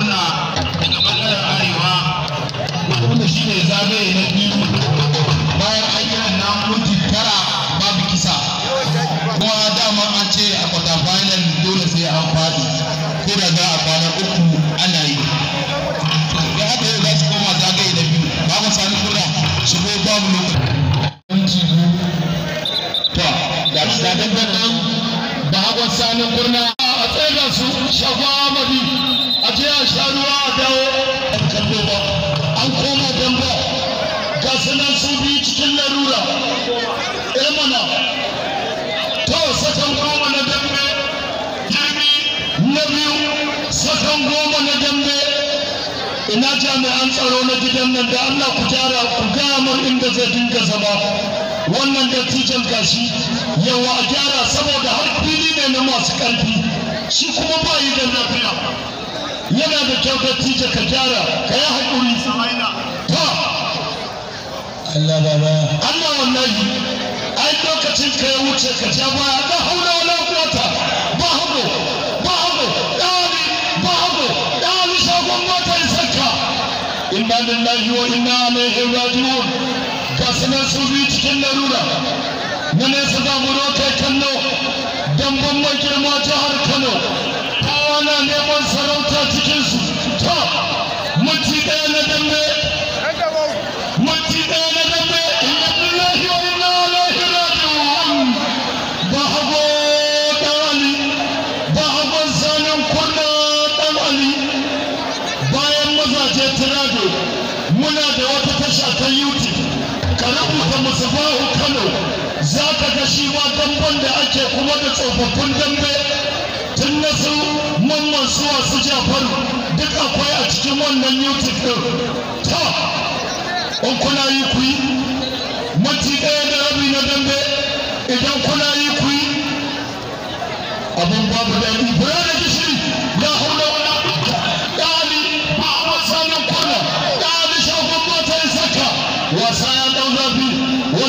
murna daga bangaren arewa wanda shi ne zagaye na biyu bayan an yi na minti tara babu kisa kuma dama an ce a kwata final dole sai an faɗi ko da za a kwana uku ana yi da haka yau za su koma zagaye na biyu babu sani kura shigo babu lokaci to da su da dangan nan ba hagon sanin kurna a tsaye da su shagwa cikin larura ilmana to sakan goma na dambe girbi na biyu sakan goma na dambe ina jami'an tsaro na gidan nan da Allah ku gyara ku gamar inda zai dinga zama wannan dattijan gashi yawa a gyara saboda har fili ne na masu ƙarfi shi kuma ba yi da lafiya yana da kyau dattijan ka gyara ka yi haƙuri Allah baba Allah wallahi ai lokacin ka ya wuce ka ja ba la haula wala quwata ba hago ba hago dali ba hago dali shagon mota in saka inna lillahi wa inna ilaihi raji'un ga sanan su bi cikin larura na nesa da buro kai kallo dan ban girma jihar Kano tawana neman sarauta cikin su da wata tasha ta YouTube ka rubuta Kano za ka ga shi ma damben da ake kuma da tsofaffin dambe tun na su mamman suwa su Jafaru duk akwai a cikin wannan YouTube ɗin. To, in kuna yi ku yi, mati ɗaya da rabi na dambe idan kuna yi ku yi, abin babu daɗi, bura da gishiri.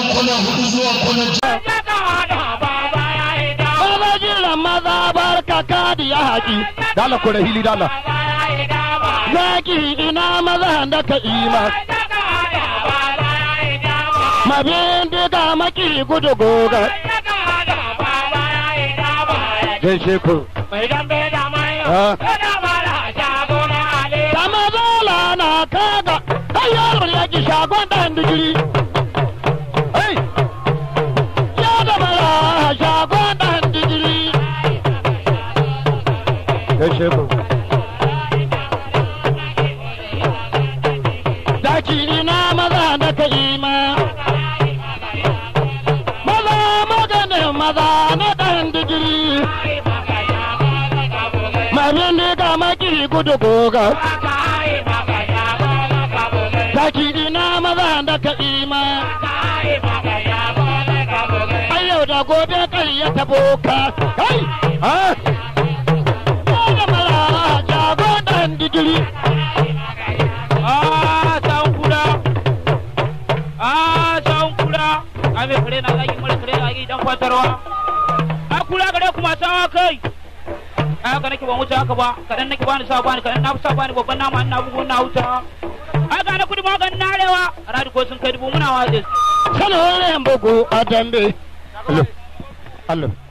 wajen kwana hudu zuwa maza barka ya haji dala kore hili dala zaki ina maza da ka ima Mabindi diga maki gudu goga zai sheku mai na kaga ayyar yaki shagon digiri ina maza da ka ima. Maza maganin maza na ɗan digiri. Mamin ne ga maki gudu goga. Zaki ina maza da ka ima. Ayyau da gobe kai ya tabo Kai! Ha! jago ɗan digiri. dan kwatarwa a kula gare ku masu hawa kai a haka nake ban wuce haka ba kadan nake bani sa bani kadan na fi sa bani babban nama ina bugu na wuta haka na kudu maganin narewa radi ko sun kai dubu muna wajen. Kano yan bugu a dambe. allo allo